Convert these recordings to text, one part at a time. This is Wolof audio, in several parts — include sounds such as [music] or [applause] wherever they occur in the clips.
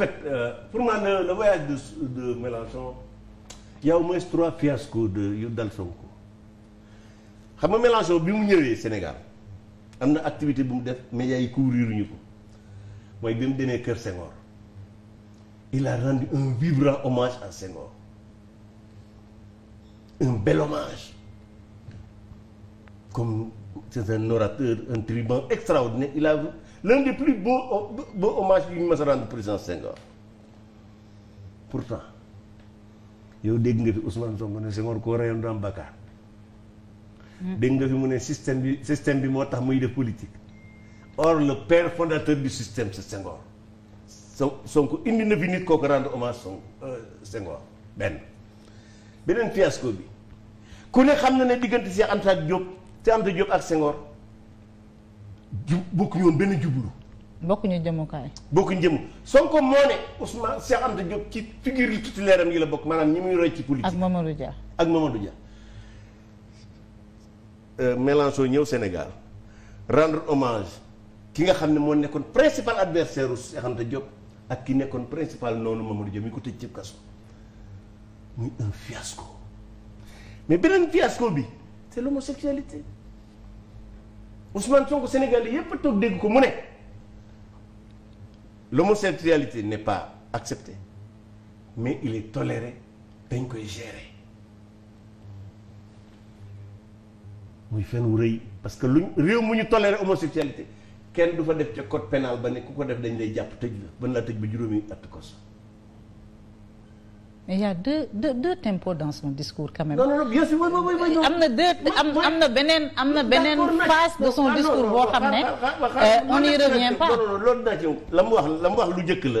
fait euh, pour moi le, le voyage de de Mélenchon il trois fiascos de yu dal Sonko xam nga Mélenchon bi mu ñëwee Sénégal am na activité bu mu def médias yi couvrir ñu ko mooy bi mu demee Kër Senghor il a rendu un vibrant hommage à Senghor un bel hommage comme c'est un orateur un tribun extraordinaire il a l'un des plus beaux oh, beaux hommages yu yi mës a rendre président Senghor pourtant yow dégg nga fi Ousmane Sonko ne Senghor koo reyoon du hmm. dégg nga fi mu ne système bi système bi moo tax muy def politique or le père fondateur du système c'est Senghor so Sonko indi na fi nit koo ko rendre hommage Sonko euh, benn beneen fiasco bi ku ne xam na ne diggante Cheikh Anta Diop Cheikh Anta Diop ak sengor ju bokkuñu woon benn jublu. bokkuñu jëmukaay. bokkuñu jëmu Sonko moo ne Ousmane Cheikh Anta ci figure titulaire am yi la bokk maanaam ñi muy roy ci politique. ak Mamadou Dia ak Mamadou Dia. Euh, Mélenchon ñëw Sénégal rendre hommage ki nga xam ne moo nekkoon principal adversaire u Cheikh ak ki nekkoon principal noonu Mamadou Dia mi ko tëj cib kaso muy un fiasco mais beneen fiasco bi c'est l'homosexualité Ousmane Sonko Sénégal yépp a toog dégg ko mu ne l'homosexualité n'est pas acceptée mais il est toléré dañ koy gérer muy fen wu rëy parce que luñ réew mu ñu toléré homosexualité kenn du fa def ca code pénal ba ne ku ko def dañ lay jàpp tëj la ban laa tëj ba juróomi at kos mais il y a deux dans son discours quand am na deux am na beneen am na beneen phase de son discours boo xam ne. Euh, on n'y revient pas. loolu daa ci la mu wax la mu wax lu njëkk la.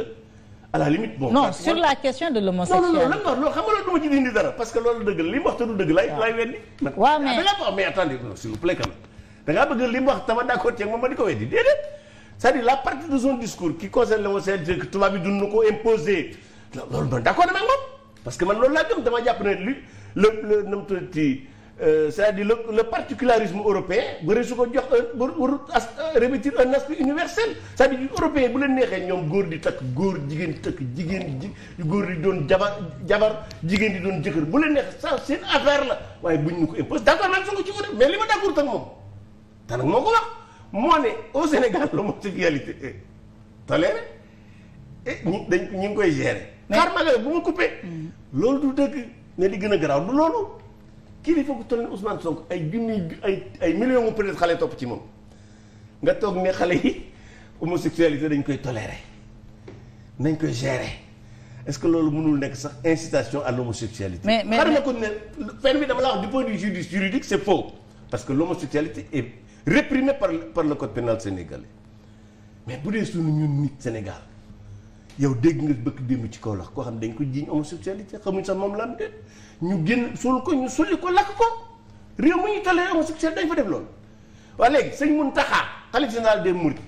à la limite bon. non sur la question de l'homosexualité. non non non lan nga wax xam nga loolu dama ci dindi dara. parce que loolu dëgg la li mu bëgg mais wax tama d'accord ceeb moom ma di ko weddi déedéet c'est-à-dire la partie de son discours qui concerne l'homosexualité que tubaab bi dund na ko imposé loolu man d'accord na moom parce que man loolu laa gëm dama jàpp ne li le le nam tuddati euh, c'est-à-dire le le particularisme européen bëri su ko jox waru as revêtir un aspect universel c'est-à-dire européen bu leen neexee ñoom góor di takk góor jigéen takk jigéen ji góor di doon jabar jabar jigéen di doon jëkkër bu leen neexee sa seen affaire la waaye bu ñu ko impose d'accord man su ko ci ko mais li ma d'accord tak moom te nag moo ko wax moo ne au Sénégal l'homosexualité est tolérée et ngi koy xaar ma bu ma coupé hmm. loolu du dëgg ne li gën a garaaw du loolu kilifa gu toll ni Ousmane Sonko ay junni ay ay millions mu peut xale topp ci moom nga toog ne xale yi homosexualité dañ koy tolérer nañ koy gérer est-ce que loolu mënul nekk sax incitation à l'homosexualité mais mais xaar ma ko ne fen bi dama la wax du point de juridique c'est faux parce que l'homosexualité est réprimée par par le code pénal sénégalais mais bu dee suñu ñu nit Sénégal yow dégg nga bëgg démb ci kaw lax koo xam dañ ko jiiñ homosexualité xamuñ sax moom la am ñu génn suul ko ñu sulli ko lakk ko réew mu ñu tollee homosexualité dañ fa def loolu waaye léegi sëñ Mountakha xalifa général des mourides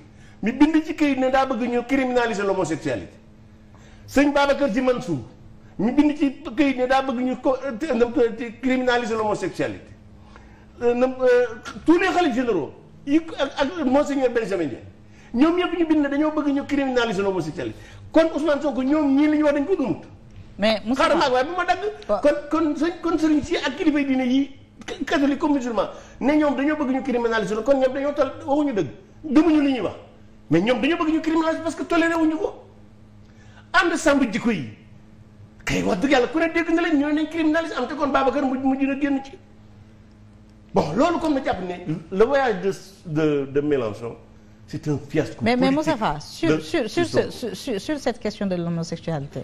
mi bind ci këyit ne daa bëgg ñu criminaliser l'homosexualité sëñ Babacar man Mansour mi bind ci këyit ne daa bëgg ñu ko euh, criminaliser l'homosexualité euh, euh, tous les xalifes généraux yi ak ak monseigneur Benjamin Ndiaye ñoom ñëpp ñu bind ne dañoo bëgg ñu criminaliser l'homosexualité kon Ousmane Sonko ñoom ñii li ñu wax dañ ko gëmut. mais Moussa xaaral maa waaye bu ma dagg. kon kon sëñ kon sëriñ si ak kilifa yi diine yi catholique comme musulman ne ñoom dañoo bëgg ñu criminaliser la kon ñoom dañoo tal ñu dëgg gëmuñu li ñu wax mais ñoom dañoo bëgg ñu criminaliser parce que toléré wuñu ko ànd sàmb jikko yi kay wax dëgg yàlla ku ne dégg nga leen ñooy nañ criminaliser am te kon Babacar mujj mujj a génn ci bo loolu comme na jàpp ne le voyage de de de Mélenchon c'est mais mais Moustapha sur sur sur sur sur cette question de l'homosexualité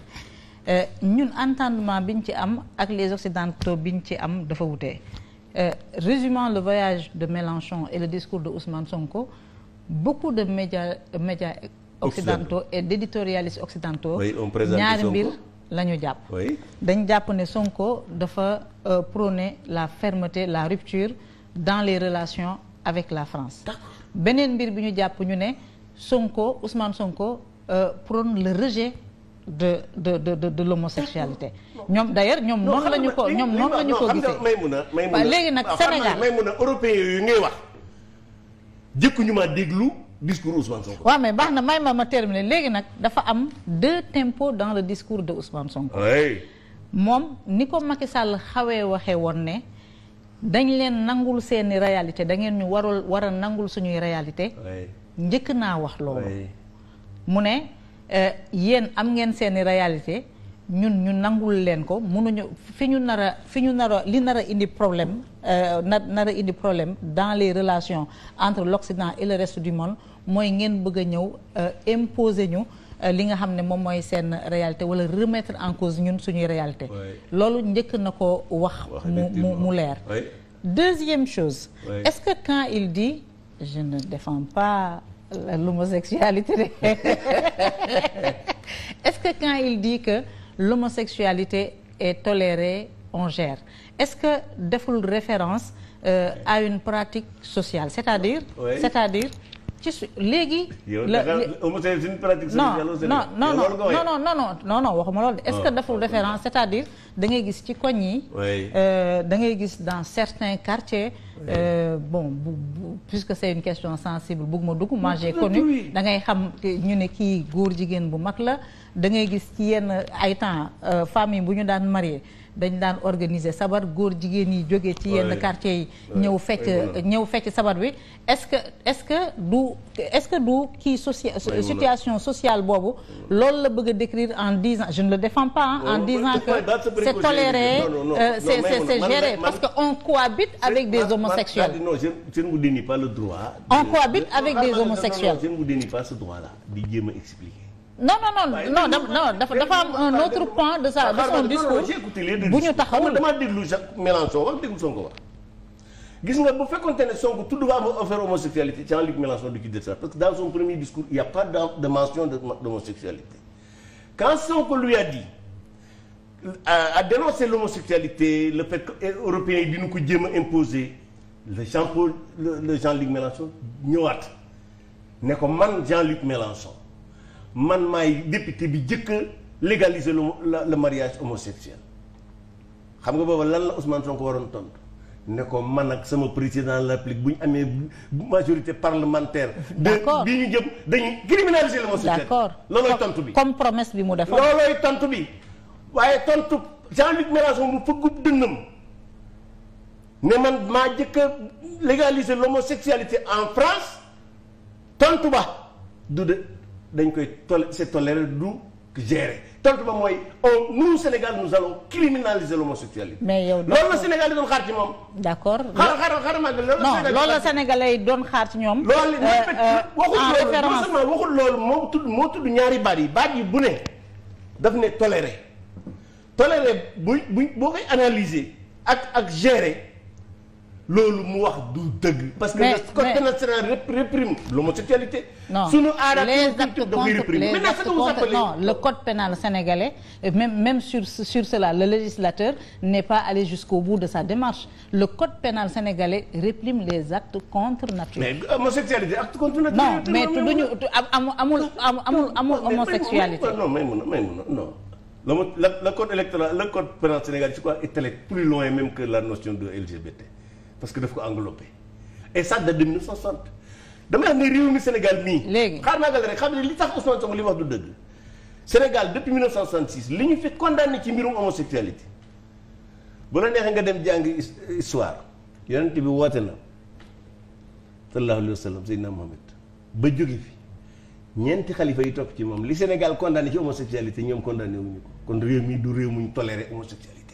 euh, ñun entendement bi ñu ci am ak les occidentaux bi ñu ci am dafa wutee euh, résumant le voyage de Mélenchon et le discours de ousman Sonko beaucoup de médias euh, médias occidentaux et d'éditorialistes occidentaux ñaari mbir la ñu jàpp dañ jàpp ne Sonko dafa prôner la fermeté la rupture dans les relations avec la France d'accord beneen mbir bi ñu jàpp ñu ne Sonko Ousmane Sonko euh, prône le rejet de de de de de l'homosexualité ñoom d'ailleurs ñoom noonu la ko ñoom noonu la ñu ko gisee may mun a léegi nag Sénégal may mun a européen yooyu ngay wax jëkkuñu ma déglu discours Ousmane Sonko. waa mais baax na may ma ma terminer léegi nag dafa am deux tempos dans le discours de Ousmane Sonko. moom ni ko Macky Sall xawee waxee woon ne. dañ leen nangul seeni réalité da ngeen ñu warul war a nangul suñuy réalité njëkk naa wax loolu mu ne eh, yéen am ngeen seeni réalité ñun ñu nangul leen ko mënuñu fi ñu nar a fi ñu nar li nar a indi problème na eh, nar indi problème dans les relations entre l'Occident et le reste du monde mooy ngeen bëgg a ñëw eh, imposer ñu Euh, li nga xam ne moom mooy seen réalité wala remettre en cause ñun suñuy réalité loolu njëkk na ko wax mu mu leer deuxième chose est-ce que quand il dit je ne défends pas l'homosexualité [laughs] est-ce que quand il dit que l'homosexualité est tolérée on gère est-ce que deful référence euh, à une pratique sociale c'est-à-dire c'est-à-dire ci su léegi. la c'est une pratique sociale non non non non non non non non waxuma loolu de est-ce que ah, deful référence c'est-à-dire da ngay gis ci koñ yi. Euh, da ngay gis dans certains quartiers. Euh, bon bu puisque c'est une question sensible bëgguma dugg moi j'ai connu da ngay xam ñu ne kii góor jigéen bu mag la da ngay gis ci yenn ay temps euh, famille bu ñu daan marié. dañ daan organiser sabar góor jigéen yi jógee ci yenn quartier yi ñëw fekk ñëw fekk sabar bi est-ce que est-ce que du est-ce que du kii situation sociale boobu loolu la bëgg a décrire en disant je ne le défends pas hein, en disant que c'est toléré euh, c'est géré parce que on cohabite avec des homosexuels ah, non je ne vous dénie pas le droit on cohabite avec ah, des homosexuels je ne vous dénie pas ce droit non non non non non dafa dafa am un autre point de ça de son discours bu ñu taxaw dama déglu Jacques Mélenchon wax déglu Sonko wax gis nga bu fekkonte ne Sonko tudd ba am affaire homosexualité Jean-Luc Mélenchon du ci de ça parce que dans son premier discours il a pas de mention d'homosexualité quand Sonko lui a a dénoncé l'homosexualité le fait que eh, yi di ko jéem a imposer le Jean-Paul le Jean-Luc Mélenchon ñëwaat ne ko man Jean-Luc Mélenchon man maay député bi jëkk légaliser lu le mariage homosexuel xam nga booba lan la Ousmane Sonko waroon tontu ne ko man ak sama président la République bu ñu amee majorité parlementaire. d'accord de bi ñu jëm dañuy criminaliser l'homosexuel. d'accord loolooy tontu bi comme promesse bi mu defoon. loolooy bi waaye tontu Jean-Luc Mélenchon mu fëggub dënnam ne man maa jëkk a légaliser l'homosexualité en France tontu ba du de. dañ koy tol c'est toléré du gérer tontu ba mooy on oh, nous Sénégal nous allons criminaliser l'homosexualité. mais yow loolu la Sénégal di doon xaar ci moom. d'accord xaaral xaaral xaaral xaar ci ñoom. loolu euh, euh, waxul loolu waxul loolu moo tudd moo tudd ñaari baat yi baat yi bu ne daf ne toléré toléré bu bu boo koy analyser ak ak gérer. loolu mu wax du dëgg. parce que le code national réprime l'homosexualité. sunu aada les actes contre les actes contre non le code pénal sénégalais même même sur sur cela le législateur n'est pas allé jusqu'au bout de sa démarche le code pénal sénégalais réprime les actes contre nature. mais euh, homosexualité acte contre nature. non mais tudduñu amul amul amul amul homosexualité. non mais mun mais mun non. le le code électoral le code pénal sénégalais je crois est plus loin même que la notion de LGBT. parce que daf ko englobé et ça date de xam ne réew mi Sénégal mii. léegi xaar naa rek xam ne li tax Ousmane Sonko li wax du dëgg. Sénégal depuis 1966 li ñu fi condamné ci mbirum homosexualité bu la neexee nga dem jàngi histoire yonent bi woote na sallallahu alayhi wa sallam Seydina Mohamed ba jóge fi ñeenti xalifa yi topp ci moom li Sénégal condamné ci homosexualité ñoom condamné wuñu ko kon réew mi du réew muñ toléré homosexualité.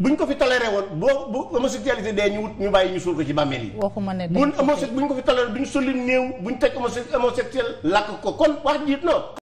buñ ko fi toléré woon boo bu homosexualité dee ñu wut ñu bàyyi ñu suul ko ci bàmmeel yi. waxuma ne buñ homosexualité buñ ko fi toléré duñ solli néew teg homosexuel làkk ko kon wax jiit non.